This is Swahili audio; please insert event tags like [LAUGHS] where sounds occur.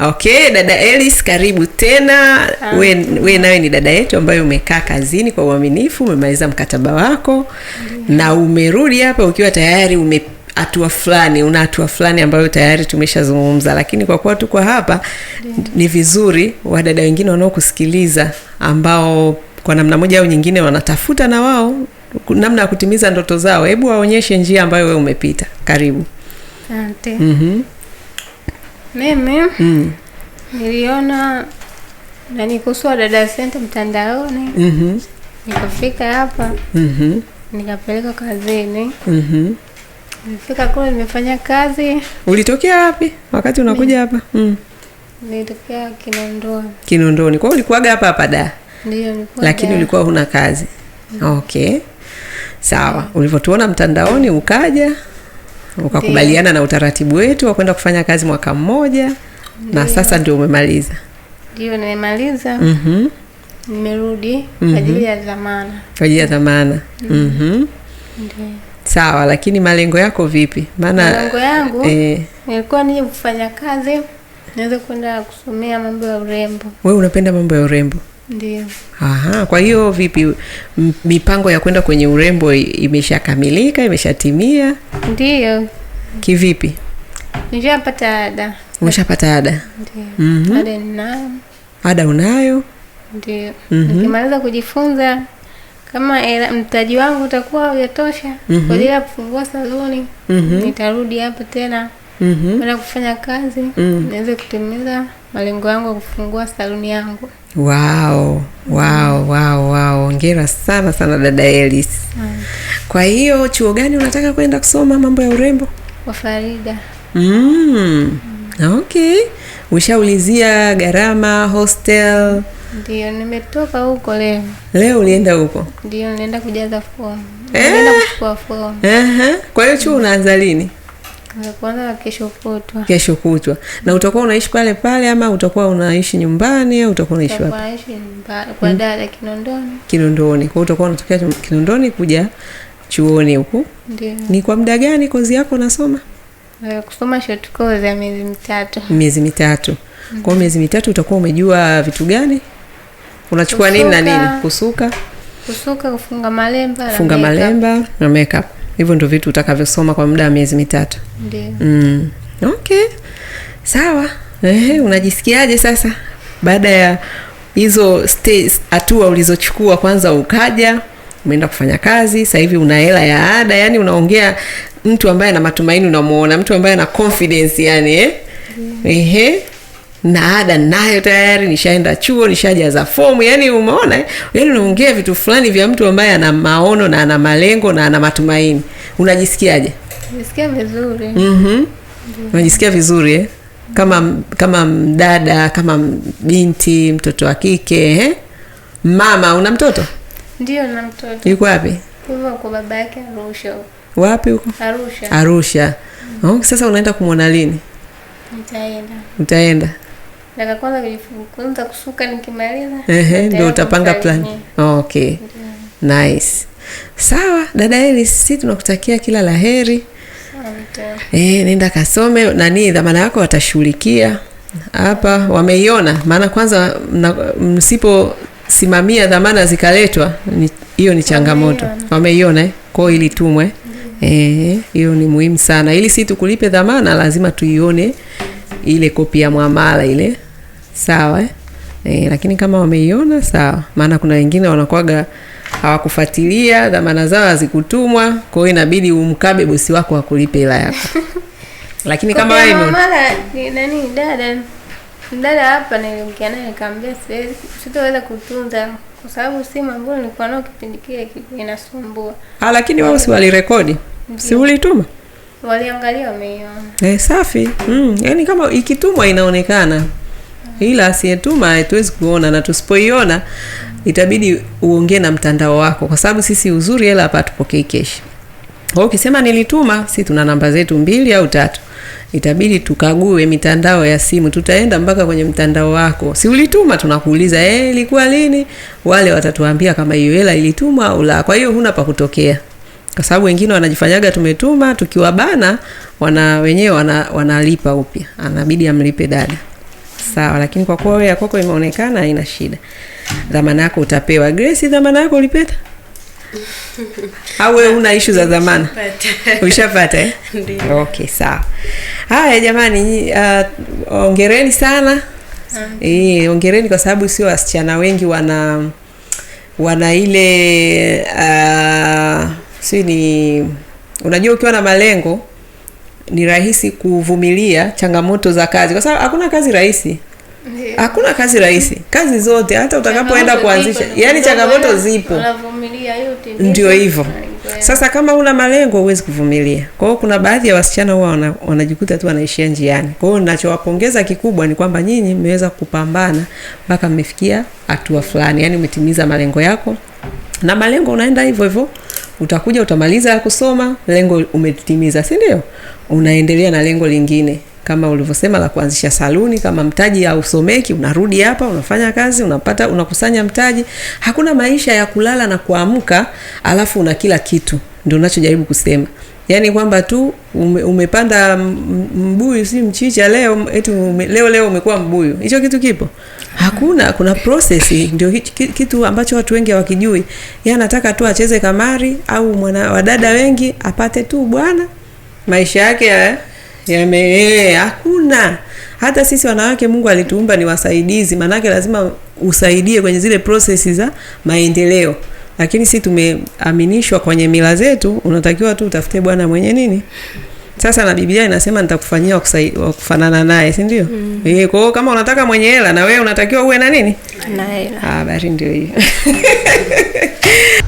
Okay, dada Elis karibu tena. Um, ah. we, we nawe ni dada yetu ambaye umekaa kazini kwa uaminifu, umemaliza mkataba wako mm, na umerudi hapa ukiwa tayari ume hatua fulani una hatua fulani ambayo tayari tumeshazungumza, lakini kwa kuwa tuko hapa ni vizuri wadada wengine wanaokusikiliza ambao kwa namna moja au nyingine wanatafuta na wao namna ya kutimiza ndoto zao, hebu waonyeshe njia ambayo we umepita. Karibu. Asante. mm -hmm. Mimi mm. niliona nani kuhusu Wadada Senta mtandaoni mm -hmm. nikafika hapa mm -hmm. nikapeleka kazini mm -hmm. kule nimefanya kazi. Ulitokea wapi wakati unakuja hapa? Mm. Nilitokea Kinondoni. Kinondoni. Kwa hiyo ulikuwaga hapa hapa da? Ndiyo, nilikuwa. Lakini ulikuwa huna kazi. Mm. Okay. Sawa. Mm. Ulivyotuona mtandaoni ukaja ukakubaliana na utaratibu wetu wa kwenda kufanya kazi mwaka mmoja na sasa ndio umemaliza? Ndio, nimemaliza. mm -hmm. Nimerudi kwa mhm. ya zamana Kwa ajili ya dhamana. mm -hmm. Sawa, lakini malengo yako vipi? Maana malengo yangu eh, nilikuwa nije kufanya kazi niweze kwenda kusomea mambo ya urembo. Wewe unapenda mambo ya urembo? Aha, kwa hiyo vipi mipango ya kwenda kwenye urembo imeshakamilika, imeshatimia? Ndiyo. Kivipi? Nishapata ada. Umeshapata ada? Ndiyo. Mm -hmm. Ada ninayo. Ada unayo? ndio Mm -hmm. Nikimaliza kujifunza kama mtaji wangu utakuwa hujatosha mm -hmm. kwa ajili ya kufungua saluni mm -hmm. nitarudi hapa tena mm -hmm. kufanya kazi mm -hmm. niweze kutimiza malengo yangu ya kufungua saluni yangu. Wow, wow, wow, wow. Hongera sana sana dada Elis. mm. Kwa hiyo chuo gani unataka kwenda kusoma mambo ya urembo? Kwa Farida. mm. mm. Okay, ushaulizia gharama hostel? Ndio, nimetoka huko leo. Leo ulienda huko? Ndio, nilienda kujaza fomu, eh? nilienda kuchukua fomu. Kwa hiyo chuo unaanza lini? kesho kutwa, kesho kutwa. Na utakuwa unaishi pale pale ama utakuwa unaishi nyumbani au utakuwa unaishi wapi? Kwa hmm. dada Kinondoni. Kinondoni. Kwa hiyo utakuwa unatokea Kinondoni kuja chuoni huku. Ndio. Ni kwa muda gani kozi yako unasoma? Eh, kusoma short course ya miezi mitatu. Miezi mitatu. Kwa hiyo miezi mitatu utakuwa umejua vitu gani? Unachukua kusuka, nini na nini? Kusuka. Kusuka, kufunga malemba, kufunga malemba na makeup. Hivyo ndio vitu utakavyosoma kwa muda wa miezi mitatu. Mm. Okay. Sawa. Ehe, unajisikiaje sasa baada ya hizo hatua ulizochukua? Kwanza ukaja umeenda kufanya kazi, sasa hivi una hela ya ada, yani unaongea mtu ambaye ana matumaini, unamwona mtu ambaye ana confidence yani, eh? yeah na ada nayo tayari, nishaenda chuo, nishajaza fomu. Yani umeona, yani unaongea vitu fulani vya mtu ambaye ana maono na ana malengo na ana matumaini. Unajisikiaje? vizuri. mm -hmm. Unajisikia vizuri eh? Kama kama mdada, kama binti, mtoto wa kike eh? Mama, una mtoto? Ndio, na mtoto. Yuko wapi? Yuko kwa baba yake Arusha. Wapi huko? Arusha. Arusha. Mm. Oh, sasa unaenda kumwona lini? Nitaenda. Utaenda. Nataka kwanza kujifunza kusuka, nikimaliza ehe, ndio utapanga plan. Okay, yeah. Nice, sawa dada Elis, sisi tunakutakia kila la heri. Eh, nenda kasome nani, dhamana yako watashughulikia hapa, wameiona. Maana kwanza msiposimamia dhamana zikaletwa, hiyo ni, ni changamoto. Wameiona eh? Kwao ili tumwe eh, hiyo ni muhimu sana, ili si tukulipe dhamana, lazima tuione ile kopi ya mwamala ile sawa eh? E, lakini kama wameiona sawa, maana kuna wengine wanakuwaga hawakufuatilia dhamana zao hazikutumwa, kwa hiyo inabidi umkabe bosi wako akulipe hela yako. [LAUGHS] Lakini kama wewe ni mara nani, dada dada hapa niliongea naye nikamwambia siwezi, sitoweza kutunza kwa sababu simu ambayo nilikuwa nayo kipindi kile inasumbua. Ah, lakini wao si walirekodi, si ulituma? Waliangalia, wameiona. Eh, safi. Mm, yani kama ikitumwa inaonekana ila asiyetuma hatuwezi kuona, na tusipoiona itabidi uongee na mtandao wako, kwa sababu sisi uzuri hela hapa hatupokei keshi. Kwa hiyo ukisema nilituma, si tuna namba zetu mbili au tatu, itabidi tukague mitandao ya simu, tutaenda mpaka kwenye mtandao wako, si ulituma? Tunakuuliza eh, ilikuwa lini? Wale watatuambia kama hiyo hela ilitumwa au la. Kwa hiyo huna pa kutokea kwa sababu wengine wanajifanyaga tumetuma, tukiwabana wana wenyewe wanalipa wana upya, anabidi amlipe dada sawa, lakini kwa kuwa wewe ya kwako imeonekana, haina shida. Dhamana yako utapewa. Grace, dhamana yako ulipata [LAUGHS] au una ishu za dhamana? Ushapata [LAUGHS] eh? Okay, sawa. Haya jamani, uh, ongereni sana eh, ongereni kwa sababu sio wasichana wengi wana wana ile uh, si ni unajua ukiwa na malengo ni rahisi kuvumilia changamoto za kazi, kwa sababu hakuna kazi rahisi hakuna yeah. kazi rahisi, kazi zote, hata utakapoenda kuanzisha, yani changamoto zipo, yaani ndio hivyo. Sasa kama una malengo, huwezi kuvumilia. Kwa hiyo kuna baadhi ya wasichana huwa wanajikuta tu wanaishia njiani. Kwa hiyo ninachowapongeza kikubwa ni kwamba nyinyi mmeweza kupambana mpaka mmefikia hatua fulani, yani umetimiza malengo yako, na malengo unaenda hivyo hivyo utakuja utamaliza ya kusoma, lengo umetimiza, si ndio? Unaendelea na lengo lingine kama ulivyosema la kuanzisha saluni. Kama mtaji hausomeki, unarudi hapa, unafanya kazi, unapata, unakusanya mtaji. Hakuna maisha ya kulala na kuamka alafu una kila kitu, ndio unachojaribu kusema yaani kwamba tu ume, umepanda mbuyu si mchicha leo eti ume, leo leo umekuwa mbuyu. Hicho kitu kipo? Hakuna. Kuna process, ndio kitu ambacho watu wengi hawakijui. Yeye anataka tu acheze kamari au mwana wadada wengi apate tu bwana, maisha yake ya, yame e, hakuna. Hata sisi wanawake Mungu alituumba ni wasaidizi, maanake lazima usaidie kwenye zile prosesi za maendeleo lakini si tumeaminishwa kwenye mila zetu, unatakiwa tu utafute bwana mwenye nini. Sasa na Biblia inasema nitakufanyia wa kufanana naye, si ndio? Mm. Eh, kwa hiyo kama unataka mwenye hela na wewe unatakiwa uwe na nini? Na hela. Ah, bari ndio hiyo. [LAUGHS]